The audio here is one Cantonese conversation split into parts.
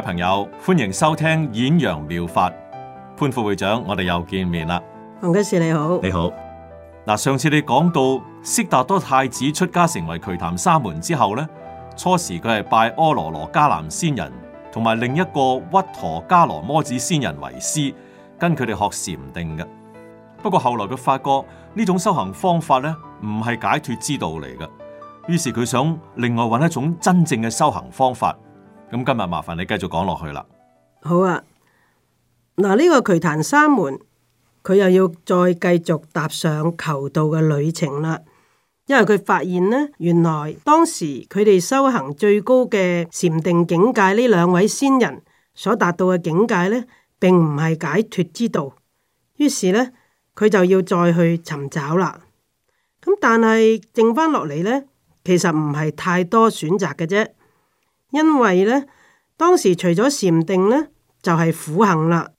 朋友歡迎收聽演揚妙、妙法。潘副會長，我哋又見面啦。洪居士你好，你好。嗱，上次你講到悉達多太子出家成為瞿曇沙門之後咧，初時佢係拜阿羅羅迦南仙人同埋另一個屈陀伽羅摩子仙人為師，跟佢哋學禪定嘅。不過後來佢發覺呢種修行方法咧唔係解脫之道嚟嘅，於是佢想另外揾一種真正嘅修行方法。咁今日麻煩你繼續講落去啦。好啊，嗱，呢個瞿曇沙門，佢又要再繼續踏上求道嘅旅程啦。因為佢發現呢，原來當時佢哋修行最高嘅禪定境界呢兩位仙人所達到嘅境界呢，並唔係解脱之道。於是呢，佢就要再去尋找啦。咁但係剩翻落嚟呢，其實唔係太多選擇嘅啫。因為呢，當時除咗禪定呢，就係苦行啦。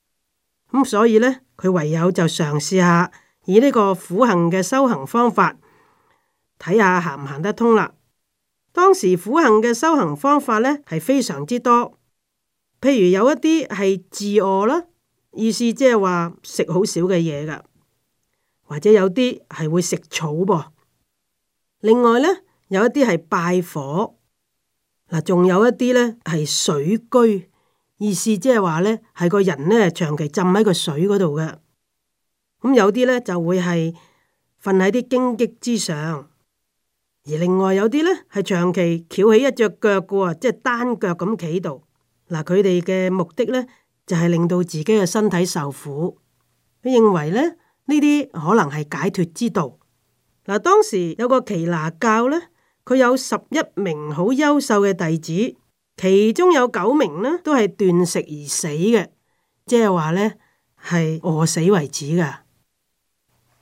咁所以呢，佢唯有就嘗試下以呢個苦行嘅修行方法，睇下行唔行得通啦。當時苦行嘅修行方法呢，係非常之多。譬如有一啲係自餓啦，意思即係話食好少嘅嘢噶，或者有啲係會食草噃。另外呢，有一啲係拜火。嗱，仲有一啲咧係水居，意思即係話咧係個人咧長期浸喺個水嗰度嘅。咁、嗯、有啲咧就會係瞓喺啲荊棘之上，而另外有啲咧係長期翹起一隻腳嘅，即係單腳咁企度。嗱、嗯，佢哋嘅目的咧就係、是、令到自己嘅身體受苦，佢、嗯、認為咧呢啲可能係解脫之道。嗱、嗯，當時有個耆那教咧。佢有十一名好優秀嘅弟子，其中有九名呢都係斷食而死嘅，即係話呢係餓死為止㗎。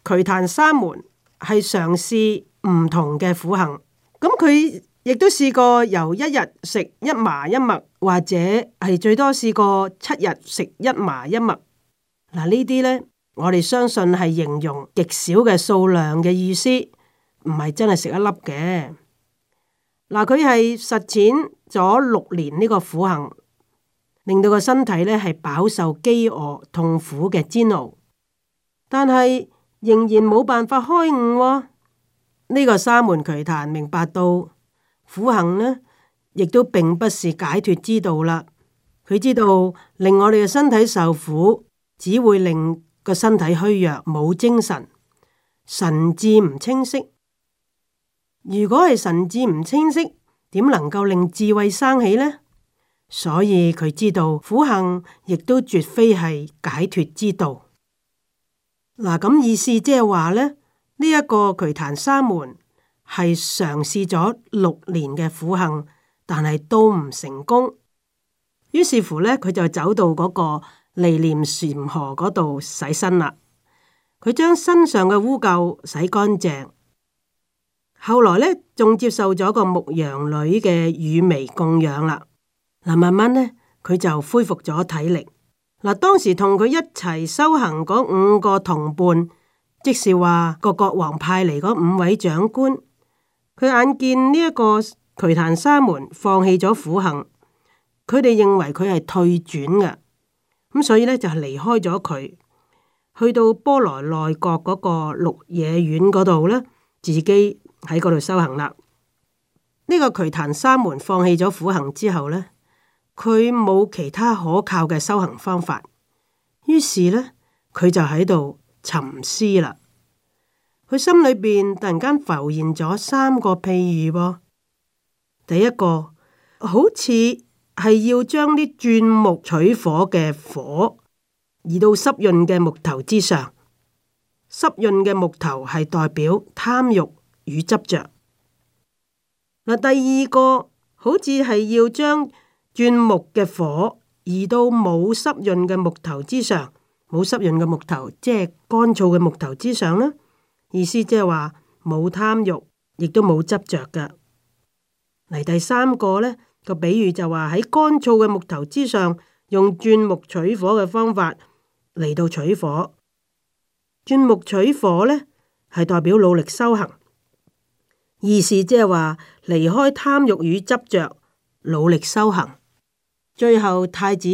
瞿曇沙門係嘗試唔同嘅苦行，咁佢亦都試過由一日食一麻一麥，或者係最多試過七日食一麻一麥。嗱呢啲呢，我哋相信係形容極少嘅數量嘅意思，唔係真係食一粒嘅。嗱，佢係實踐咗六年呢個苦行，令到個身體呢係飽受飢餓痛苦嘅煎熬，但係仍然冇辦法開悟，哦。呢、這個沙門瞿曇明白到苦行呢，亦都並不是解脱之道啦。佢知道令我哋嘅身體受苦，只會令個身體虛弱、冇精神、神志唔清晰。如果係神智唔清晰，點能夠令智慧生起呢？所以佢知道苦行亦都絕非係解脱之道。嗱咁意思即係話呢？呢、這、一個瞿曇沙門係嘗試咗六年嘅苦行，但係都唔成功。於是乎呢，佢就走到嗰個離念禪河嗰度洗身啦。佢將身上嘅污垢洗乾淨。後來呢，仲接受咗個牧羊女嘅乳糜供養啦。嗱，慢慢呢，佢就恢復咗體力。嗱，當時同佢一齊修行嗰五個同伴，即是話個國王派嚟嗰五位長官，佢眼見呢一個瞿曇沙門放棄咗苦行，佢哋認為佢係退轉嘅，咁所以呢，就離開咗佢，去到波羅奈國嗰個鹿野苑嗰度呢，自己。喺嗰度修行啦。呢、這個渠潭三門放棄咗苦行之後呢，佢冇其他可靠嘅修行方法，於是呢，佢就喺度沉思啦。佢心裏邊突然間浮現咗三個譬喻噃。第一個好似係要將啲鑽木取火嘅火，移到濕潤嘅木頭之上。濕潤嘅木頭係代表貪欲。與執着嗱，第二個好似係要將鑽木嘅火移到冇濕潤嘅木頭之上，冇濕潤嘅木頭即係乾燥嘅木頭之上啦。意思即係話冇貪欲，亦都冇執着噶。嚟，第三個呢，個比喻就話喺乾燥嘅木頭之上用鑽木取火嘅方法嚟到取火，鑽木取火呢，係代表努力修行。意思即係話離開貪欲與執着，努力修行。最後太子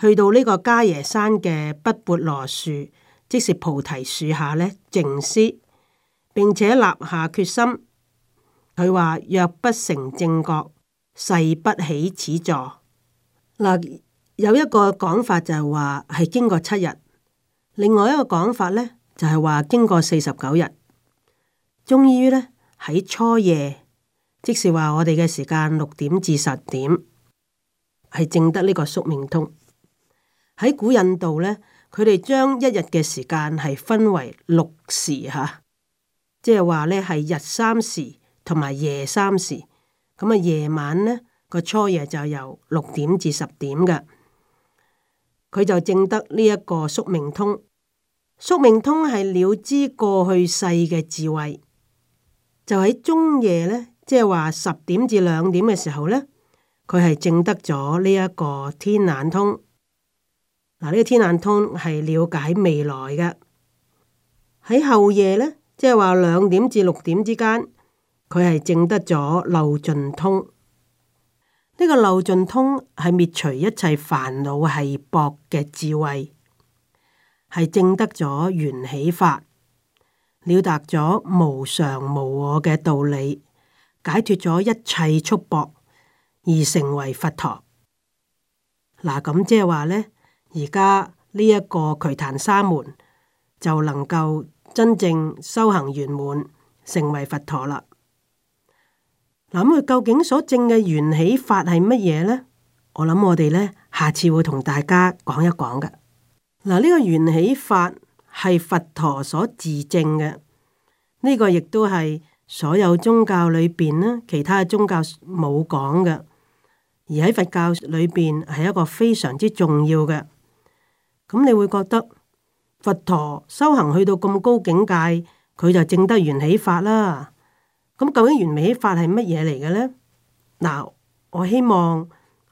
去到呢個加耶山嘅畢鉢羅樹，即是菩提樹下呢靜思，並且立下決心。佢話若不成正覺，誓不起此座。嗱，有一個講法就係話係經過七日，另外一個講法呢就係、是、話經過四十九日，終於呢。喺初夜，即是話我哋嘅時間六點至十點，係證得呢個宿命通。喺古印度呢，佢哋將一日嘅時間係分為六時吓、啊，即係話呢係日三時同埋夜三時。咁啊，夜晚呢，個初夜就由六點至十點嘅，佢就證得呢一個宿命通。宿命通係了知過去世嘅智慧。就喺中夜呢，即係話十點至兩點嘅時候呢，佢係證得咗呢一個天眼通。嗱，呢個天眼通係了解未來嘅。喺後夜呢，即係話兩點至六點之間，佢係證得咗漏盡通。呢個漏盡通係滅除一切煩惱係薄嘅智慧，係證得咗緣起法。了達咗無常無我嘅道理，解脱咗一切束縛，而成為佛陀。嗱，咁即係話呢，而家呢一個瞿曇沙門就能夠真正修行圓滿，成為佛陀啦。諗、啊、佢究竟所證嘅緣起法係乜嘢呢？我諗我哋呢，下次會同大家講一講嘅。嗱、啊、呢、呢個緣起法。係佛陀所自證嘅，呢個亦都係所有宗教裏邊啦，其他宗教冇講嘅，而喺佛教裏邊係一個非常之重要嘅。咁你會覺得佛陀修行去到咁高境界，佢就證得緣起法啦。咁究竟緣起法係乜嘢嚟嘅呢？嗱，我希望，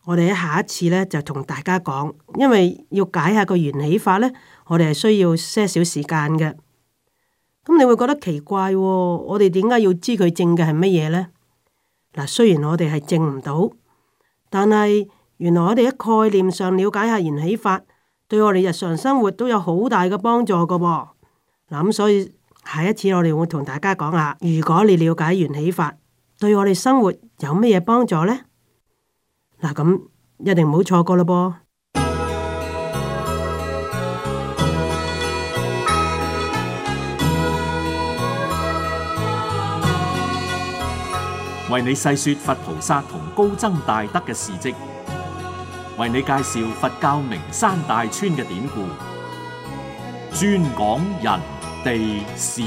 我哋喺下一次呢，就同大家講，因為要解下個緣起法呢，我哋係需要些少時間嘅。咁你會覺得奇怪喎、哦，我哋點解要知佢正嘅係乜嘢呢？嗱，雖然我哋係正唔到，但係原來我哋喺概念上了解下緣起法，對我哋日常生活都有好大嘅幫助㗎噃。嗱咁所以下一次我哋會同大家講下，如果你了解緣起法，對我哋生活有乜嘢幫助呢？嗱，咁、啊、一定唔好錯過啦，噃！為你細說佛菩薩同高僧大德嘅事跡，為你介紹佛教名山大川嘅典故，專講人地事。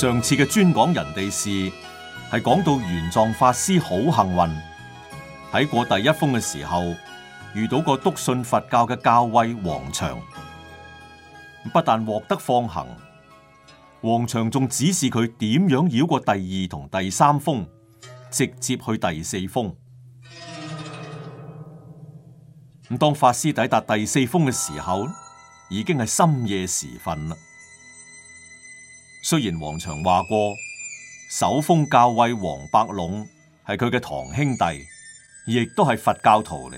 上次嘅專講人哋事係講到玄奘法師好幸運，喺過第一封嘅時候遇到個篤信佛教嘅教威王祥，不但獲得放行，王祥仲指示佢點樣繞過第二同第三封，直接去第四封。咁當法師抵達第四封嘅時候，已經係深夜時分啦。雖然王祥話過，守烽校尉王伯龍係佢嘅堂兄弟，亦都係佛教徒嚟。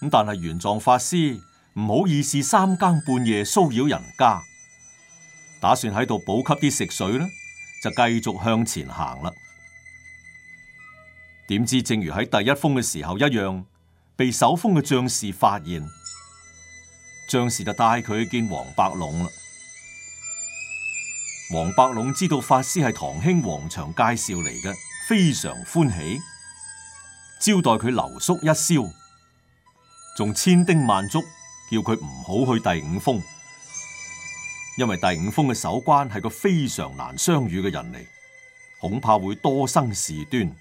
咁但係玄奘法師唔好意思三更半夜騷擾人家，打算喺度補給啲食水呢，就繼續向前行啦。點知正如喺第一烽嘅時候一樣，被守烽嘅將士發現，將士就帶佢去見王伯龍啦。黃伯龍知道法師係堂兄王祥介紹嚟嘅，非常歡喜，招待佢留宿一宵，仲千叮萬囑，叫佢唔好去第五峰，因為第五峰嘅守關係個非常難相遇嘅人嚟，恐怕會多生事端。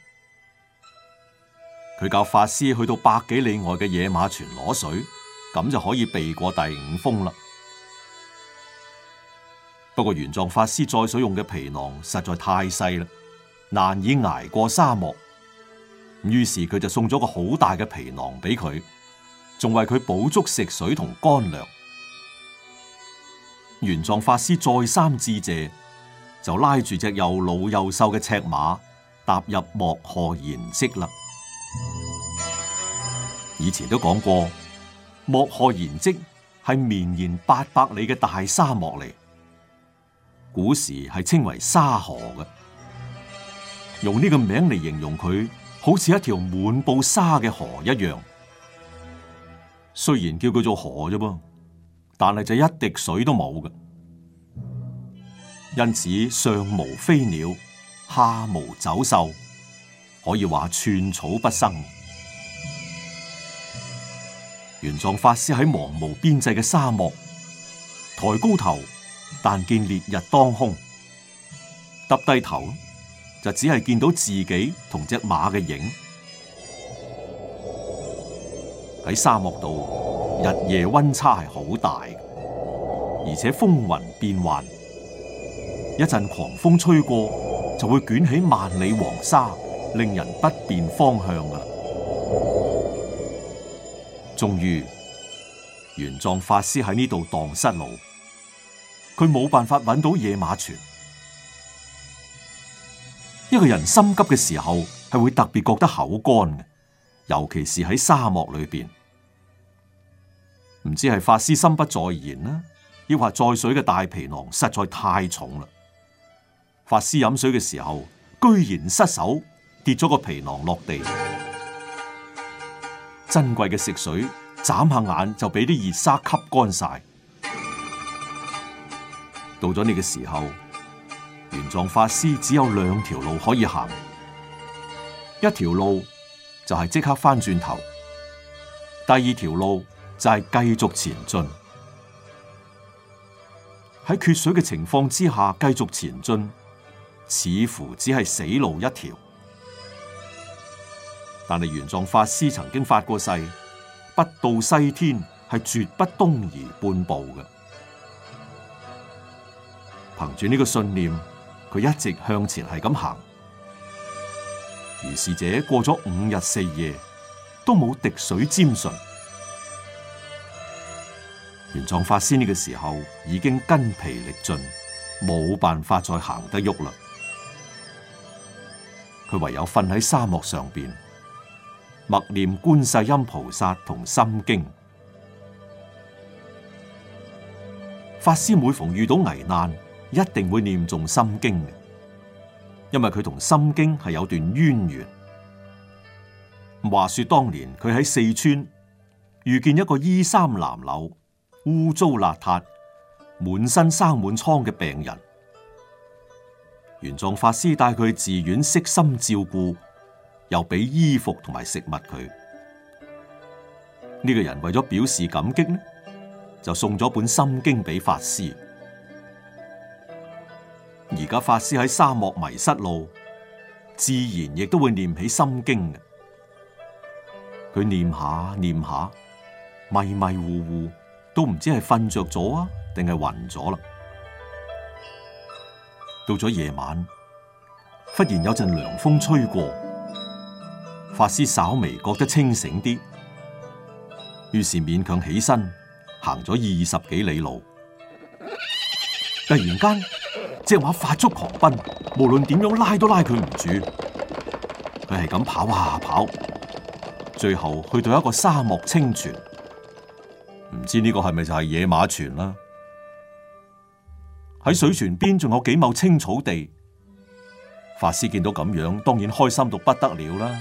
佢教法師去到百幾里外嘅野馬泉攞水，咁就可以避過第五峰啦。不過玄奘法師再所用嘅皮囊實在太細啦，難以捱過沙漠。於是佢就送咗個好大嘅皮囊俾佢，仲為佢補足食水同乾糧。玄奘法師再三致謝，就拉住隻又老又瘦嘅赤馬，踏入莫賀延磧啦。以前都講過，莫賀延磧係綿延八百里嘅大沙漠嚟。古時係稱為沙河嘅，用呢個名嚟形容佢，好似一條滿布沙嘅河一樣。雖然叫佢做河啫噃，但係就一滴水都冇嘅。因此上無飛鳥，下無走獸，可以話寸草不生。玄奘法師喺茫無邊際嘅沙漠，抬高頭。但見烈日當空，揼低頭就只係見到自己同隻馬嘅影。喺沙漠度，日夜溫差係好大，而且風雲變幻，一陣狂風吹過就會捲起萬里黃沙，令人不辨方向啊！終於，玄奘法師喺呢度蕩失路。佢冇辦法揾到野馬泉。一個人心急嘅時候，係會特別覺得口乾嘅，尤其是喺沙漠裏邊。唔知係法師心不在焉呢，抑或載水嘅大皮囊實在太重啦。法師飲水嘅時候，居然失手跌咗個皮囊落地，珍貴嘅食水眨下眼就俾啲熱沙吸乾晒。到咗呢個時候，玄奘法師只有兩條路可以行，一條路就係即刻返轉頭，第二條路就係繼續前進。喺缺水嘅情況之下，繼續前進，似乎只係死路一條。但係玄奘法師曾經發過誓，不到西天係絕不東移半步嘅。憑住呢個信念，佢一直向前係咁行。如是者過咗五日四夜，都冇滴水沾唇。玄奘法師呢個時候已經筋疲力盡，冇辦法再行得喐嘞。佢唯有瞓喺沙漠上邊，默念觀世音菩薩同《心經》。法師每逢遇到危難，一定會念誦心經嘅，因為佢同心經係有段淵源。話說當年佢喺四川遇見一個衣衫襤褸、污糟邋遢、滿身生滿瘡嘅病人，玄奘法師帶佢去寺院悉心照顧，又俾衣服同埋食物佢。呢、這個人為咗表示感激呢，就送咗本心經俾法師。而家法師喺沙漠迷失路，自然亦都會念起心經嘅。佢念下念下，迷迷糊糊都唔知係瞓着咗啊，定係暈咗啦。到咗夜晚，忽然有陣涼風吹過，法師稍微覺得清醒啲，於是勉強起身行咗二十幾里路。突然間。隻馬發足狂奔，無論點樣拉都拉佢唔住，佢係咁跑啊跑，最後去到一個沙漠清泉，唔知呢個係咪就係野馬泉啦？喺水泉邊仲有幾畝青草地，法師見到咁樣，當然開心到不得了啦。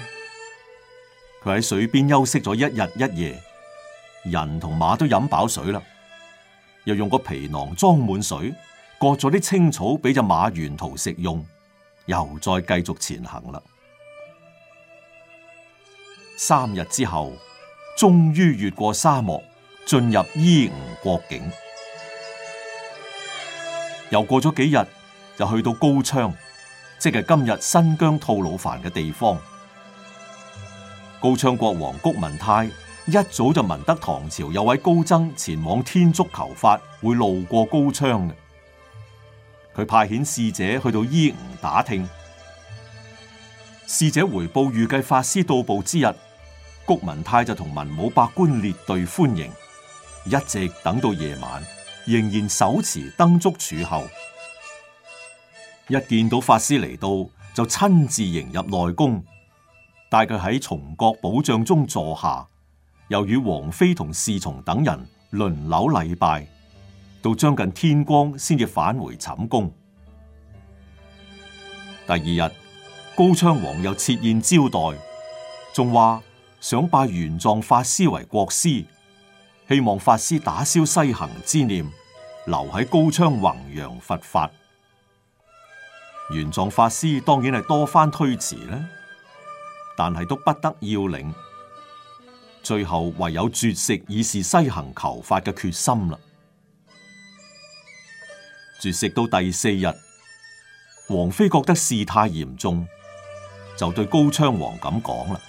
佢喺水邊休息咗一日一夜，人同馬都飲飽水啦，又用個皮囊裝滿水。割咗啲青草俾隻馬沿途食用，又再繼續前行啦。三日之後，終於越過沙漠，進入伊吾國境。又過咗幾日，就去到高昌，即係今日新疆吐魯番嘅地方。高昌國王麴文泰一早就聞得唐朝有位高僧前往天竺求法，會路過高昌嘅。佢派遣侍者去到伊吾打聽，侍者回報預計法師到步之日，谷文泰就同文武百官列隊歡迎，一直等到夜晚，仍然手持燈燭佇候，一見到法師嚟到就親自迎入內宮，帶佢喺重閣寶帳中坐下，又與王妃同侍從等人輪流禮拜。到將近天光，先至返回寢宮。第二日，高昌王又設宴招待，仲話想拜玄奘法師為國師，希望法師打消西行之念，留喺高昌弘揚佛法。玄奘法師當然係多番推辭啦，但係都不得要領，最後唯有絕食以示西行求法嘅決心啦。食到第四日，王妃覺得事態嚴重，就對高昌王咁講啦。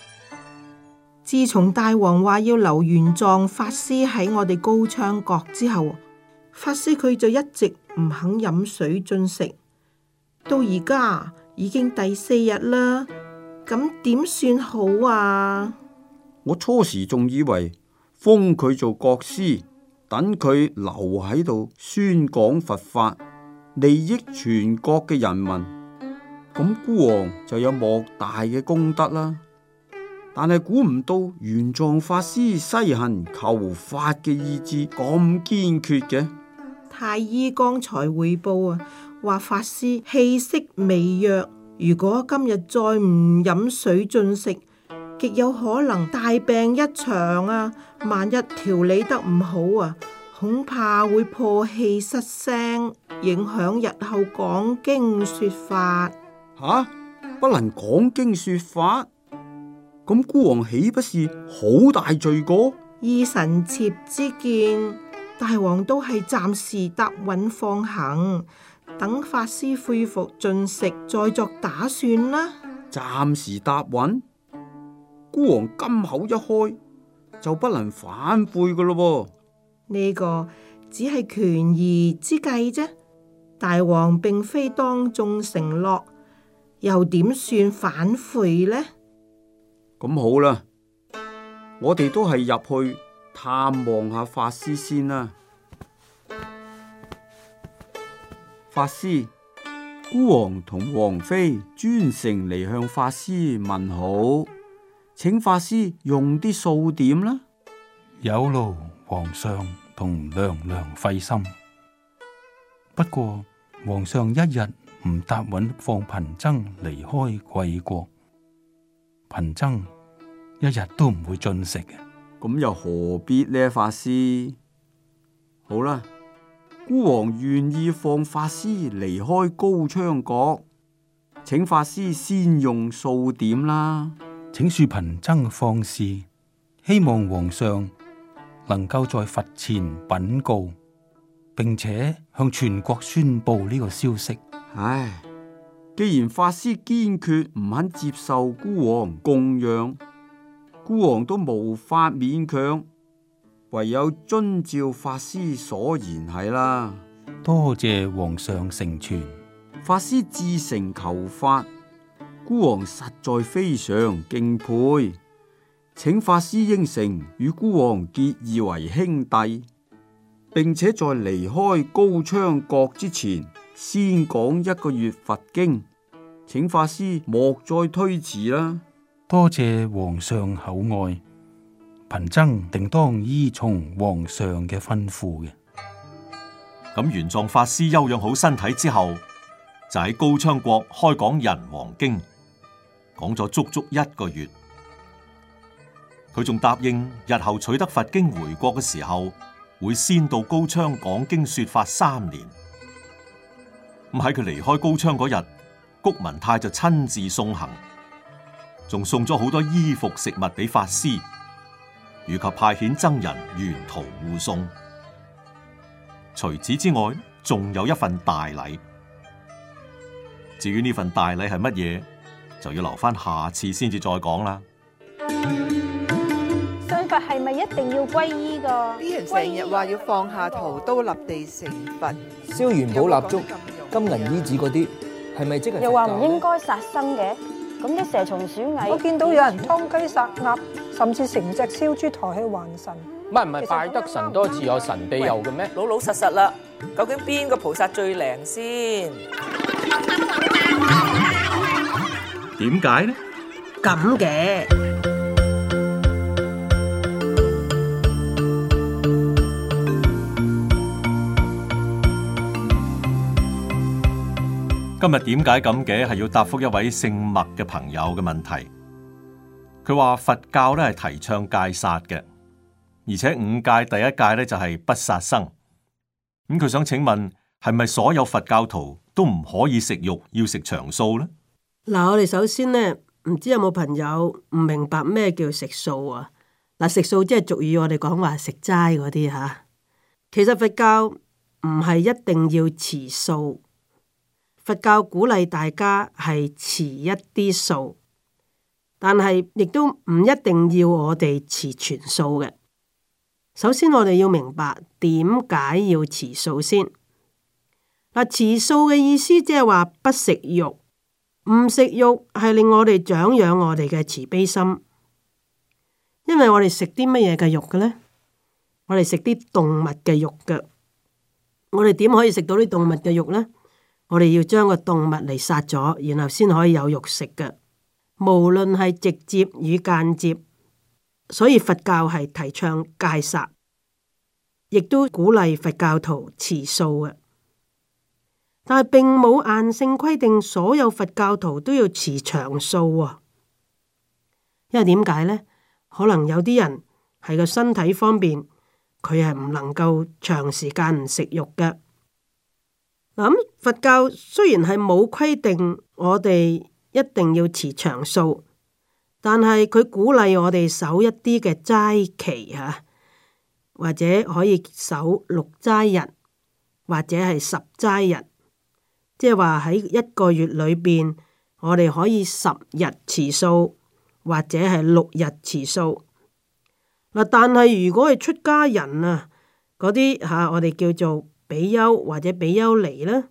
自從大王話要留玄奘法師喺我哋高昌國之後，法師佢就一直唔肯飲水進食，到而家已經第四日啦，咁點算好啊？我初時仲以為封佢做國師，等佢留喺度宣講佛法。利益全國嘅人民，咁孤王就有莫大嘅功德啦。但係估唔到玄奘法師西行求法嘅意志咁堅決嘅。太醫剛才匯報啊，話法師氣息微弱，如果今日再唔飲水進食，極有可能大病一場啊！萬一調理得唔好啊！恐怕會破氣失聲，影響日後講經說法。吓、啊，不能講經說法，咁孤王豈不是好大罪過？依臣妾之見，大王都係暫時答允放行，等法師恢復進食再作打算啦。暫時答允，孤王金口一開就不能反悔㗎咯。呢個只係權宜之計啫，大王並非當眾承諾，又點算反悔呢？咁好啦，我哋都係入去探望下法師先啦。法師，孤王同王妃專程嚟向法師問好，請法師用啲素點啦。有勞。皇上同娘娘費心，不過皇上一日唔答允，放貧僧離開貴國，貧僧一日都唔會進食嘅。咁又何必呢？法師，好啦，孤王願意放法師離開高昌國，請法師先用素點啦。請恕貧僧放肆，希望皇上。能夠在佛前稟告，並且向全國宣布呢個消息。唉，既然法師堅決唔肯接受孤王供養，孤王都無法勉強，唯有遵照法師所言係啦。多謝皇上成全，法師至誠求法，孤王實在非常敬佩。請法師應承與孤王結義為兄弟，並且在離開高昌國之前，先講一個月佛經。請法師莫再推辭啦！多謝皇上厚愛，貧僧定當依從皇上嘅吩咐嘅。咁玄奘法師休養好身體之後，就喺高昌國開講《仁王經》，講咗足足一個月。佢仲答應日後取得佛經回國嘅時候，會先到高昌講經說法三年。喺佢離開高昌嗰日，谷文泰就親自送行，仲送咗好多衣服食物俾法師，以及派遣僧人沿途護送。除此之外，仲有一份大禮。至於呢份大禮係乜嘢，就要留翻下次先至再講啦。係咪一定要皈依㗎？成日話要放下屠刀立地成佛，燒元寶蠟燭、金銀衣紙嗰啲，係咪即係？又話唔應該殺生嘅，咁啲蛇蟲鼠蟻，我見到有人劏雞殺鴨，甚至成隻燒豬抬去還神。唔係唔係，拜得神多自有神庇佑嘅咩？老老實實啦，究竟邊個菩薩最靈先？點解呢？咁嘅。今日點解咁嘅？係要答覆一位姓麥嘅朋友嘅問題。佢話佛教咧，係提倡戒殺嘅，而且五戒第一戒咧就係不殺生。咁、嗯、佢想請問係咪所有佛教徒都唔可以食肉，要食長素咧？嗱，我哋首先咧，唔知有冇朋友唔明白咩叫食素啊？嗱，食素即係俗語我哋講話食齋嗰啲吓。其實佛教唔係一定要持素。佛教鼓勵大家係持一啲素，但係亦都唔一定要我哋持全素嘅。首先，我哋要明白點解要持素先。嗱，持素嘅意思即係話不食肉，唔食肉係令我哋長養我哋嘅慈悲心。因為我哋食啲乜嘢嘅肉嘅呢？我哋食啲動物嘅肉嘅。我哋點可以食到啲動物嘅肉呢？我哋要將個動物嚟殺咗，然後先可以有肉食嘅。無論係直接與間接，所以佛教係提倡戒殺，亦都鼓勵佛教徒持素嘅。但係並冇硬性規定所有佛教徒都要持長素喎。因為點解呢？可能有啲人係個身體方面，佢係唔能夠長時間唔食肉嘅。咁，佛教雖然係冇規定我哋一定要持長素，但係佢鼓勵我哋守一啲嘅齋期嚇、啊，或者可以守六齋日，或者係十齋日，即係話喺一個月裏邊，我哋可以十日持素，或者係六日持素。嗱、啊，但係如果係出家人啊，嗰啲嚇，我哋叫做比丘或者比丘尼呢，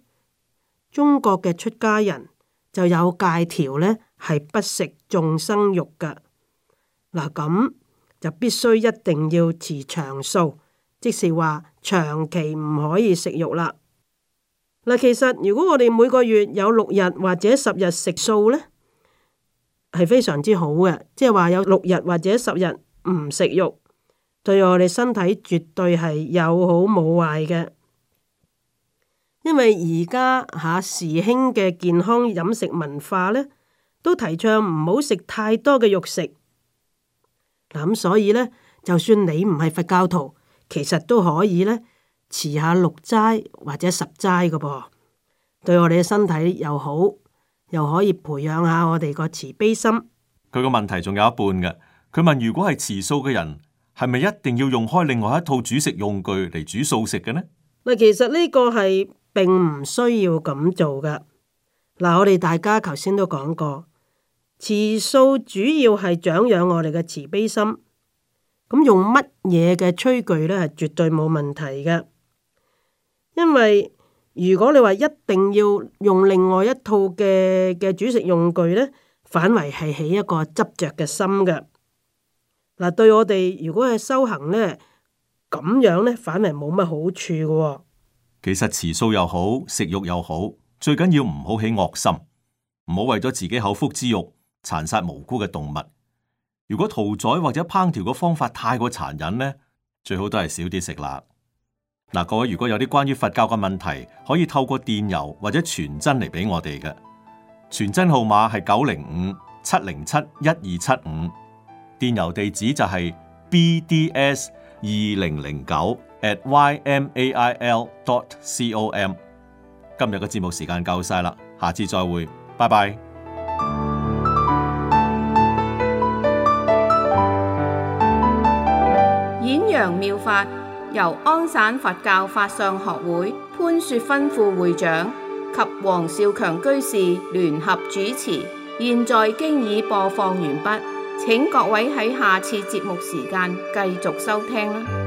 中國嘅出家人就有戒條呢，係不食眾生肉噶。嗱、啊、咁就必須一定要持長素，即是話長期唔可以食肉啦。嗱、啊，其實如果我哋每個月有六日或者十日食素呢，係非常之好嘅，即係話有六日或者十日唔食肉，對我哋身體絕對係有好冇壞嘅。因為而家吓時興嘅健康飲食文化咧，都提倡唔好食太多嘅肉食嗱，咁、啊，所以咧，就算你唔係佛教徒，其實都可以咧持下六齋或者十齋嘅噃，對我哋嘅身體又好，又可以培養下我哋個慈悲心。佢個問題仲有一半嘅，佢問，如果係持素嘅人，係咪一定要用開另外一套煮食用具嚟煮素食嘅呢？嗱，其實呢個係。並唔需要咁做噶。嗱，我哋大家頭先都講過，持素主要係長養我哋嘅慈悲心。咁用乜嘢嘅炊具呢？係絕對冇問題嘅。因為如果你話一定要用另外一套嘅嘅煮食用具呢，反為係起一個執着嘅心嘅。嗱，對我哋如果係修行呢，咁樣呢，反為冇乜好處噶喎。其實持素又好，食肉又好，最緊要唔好起惡心，唔好為咗自己口腹之欲，殘殺無辜嘅動物。如果屠宰或者烹調嘅方法太過殘忍呢，最好都係少啲食辣。嗱，各位如果有啲關於佛教嘅問題，可以透過電郵或者傳真嚟俾我哋嘅。傳真號碼係九零五七零七一二七五，75，電郵地址就係 bds 二零零九。at y m a i l dot c o m。Com，今日嘅節目時間夠晒啦，下次再會，拜拜。演揚妙法由安省佛教法相學會潘雪芬副會長及黃少強居士聯合主持，現在已經已播放完畢，請各位喺下次節目時間繼續收聽啦。